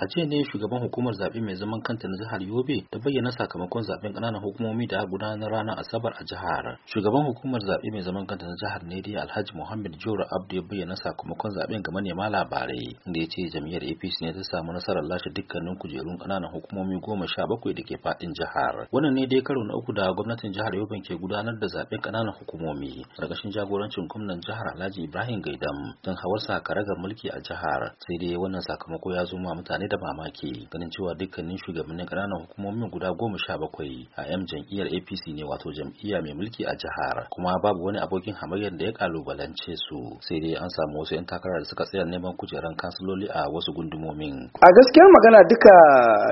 a jiya ne shugaban hukumar zaɓe mai zaman kanta na jihar yobe ta bayyana sakamakon zaɓen ƙananan hukumomi da gudanar ranar asabar a jihar shugaban hukumar zaɓe mai zaman kanta na jihar ne dai alhaji muhammad jora abdu ya bayyana sakamakon zaɓen ga manema labarai inda ya ce jam'iyyar apc ne ta samu nasarar lashe dukkanin kujerun ƙananan hukumomi goma sha bakwai da ke faɗin jihar wannan ne dai karo na uku da gwamnatin jihar yobe ke gudanar da zaɓen ƙananan hukumomi ƙarƙashin jagorancin gwamnan jihar alhaji ibrahim gaidam don hawarsa karagar mulki a jihar sai dai wannan sakamako ya zo ma mutane da mamaki ganin cewa dukkanin shugabannin ƙananan hukumomin guda goma sha bakwai a 'yan jam'iyyar apc ne wato jam'iyya mai mulki a jihar kuma babu wani abokin hamayyar da ya kalubalance su sai dai an samu wasu 'yan takara da suka tsaya neman kujeran kansiloli a wasu gundumomin a gaskiya magana duka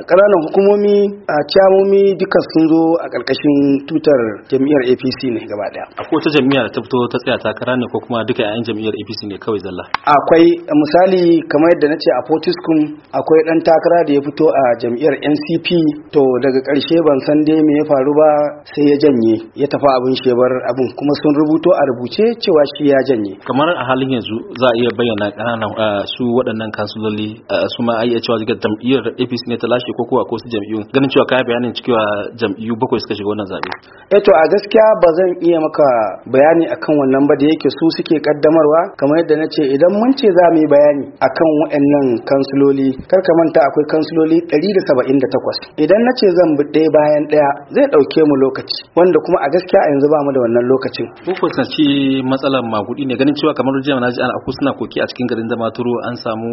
ƙananan hukumomi a ciyamomi duka sun zo a ƙarƙashin tutar jam'iyyar apc ne gaba ɗaya akwai wata jam'iyyar ta fito ta tsaya takara ne ko kuma duka 'yan jam'iyyar apc ne kawai zalla akwai misali kamar yadda na ce a fortiskum akwai dan takara da ya fito a jam'iyyar ncp to daga karshe ban san dai me ya faru ba sai ya janye ya tafi abin shebar abin kuma sun rubuto a rubuce cewa shi ya janye kamar a halin yanzu za a iya bayyana kananan su waɗannan kansuloli su ma iya cewa daga jam'iyyar apc ne ta lashe ko kuwa ko su jam'iyyun ganin cewa kaya bayanin cewa jam'iyyu bakwai suka shiga wannan zabe eh to a gaskiya ba zan iya maka bayani akan wannan ba da yake su suke kaddamarwa kamar yadda na ce idan mun ce za mu yi bayani akan waɗannan kansuloli kar ka manta akwai kansuloli 178 idan na ce zan bi ɗaya bayan ɗaya zai ɗauke mu lokaci wanda kuma a gaskiya a yanzu ba mu da wannan lokacin ko kusanci matsalar magudi ne ganin cewa kamar jiya na ji ana aku suna koki a cikin garin zama turo an samu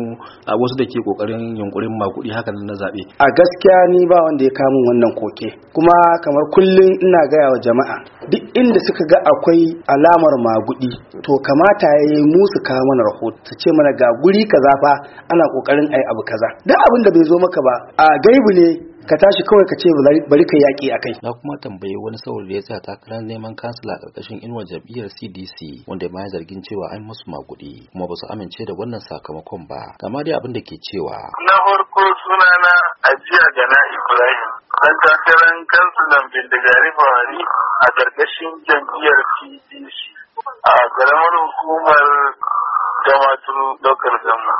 wasu da ke kokarin yunkurin magudi haka na zaɓe a gaskiya ni ba wanda ya kamun wannan koke kuma kamar kullum ina gaya wa jama'a duk inda suka ga akwai alamar magudi to kamata ya yi musu kawo mana rahoto su ce mana ga guri kaza fa ana kokarin ayi abu kaza duk abin da bai zo maka ba a gaibu ne ka tashi kawai ka ce bari ka yaƙi a kai. Na kuma tambayi wani saboda ya tsaya takarar neman kansila a ƙarƙashin inuwar jam'iyyar CDC wanda ma ya zargin cewa an musu maguɗi kuma ba su amince da wannan sakamakon ba. Kama dai abin da ke cewa. Na farko sunana ajiya gana Ibrahim dan takarar kansulan bindigari buhari a ƙarƙashin jam'iyyar pdc a ƙaramar hukumar damaturu ɗaukar zama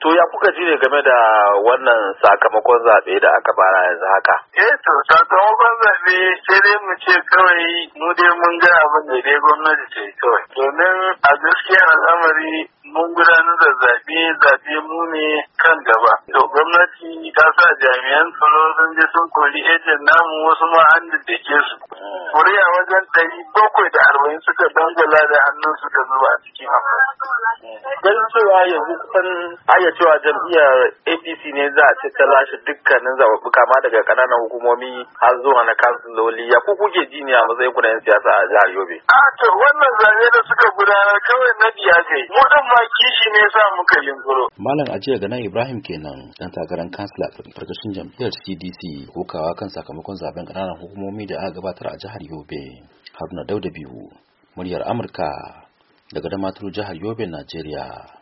to ya kuka ji ne game da wannan sakamakon zaɓe da aka bara yanzu haka eh to sakamakon zaɓe sai dai mu ce kawai mu dai mun ga abin da dai gwamnati ce kawai domin a gaskiyar al'amari mun gudanar da zaɓe zaɓe zaɓe mu ne kan gaba. To gwamnati ta sa jami'an tsaro sun je sun kori ejen namu wasu ma an dake su. Kuriya wajen ɗari bakwai da arba'in suka dangala da hannun suka zuba a cikin hamu. Don cewa yanzu kusan aya cewa jam'iyyar APC ne za a ce ta lashe dukkanin zaɓaɓɓu kama daga ƙananan hukumomi har zuwa na kansiloli ya kuku kuke ji ne a matsayin ku siyasa a jihar Yobe. A to wannan zaɓe da suka gudanar kawai na biya kai. Mu ɗan ma kishi ne sa muka Malam Ajiya Ganan Ibrahim kenan dan takarar kansila karkashin jam'iyyar CDC kokawa kan sakamakon zaben ƙananan hukumomi da aka gabatar a jihar Yobe. Haruna Dauda biyu muryar Amurka daga Damaturu jihar Yobe, Najeriya.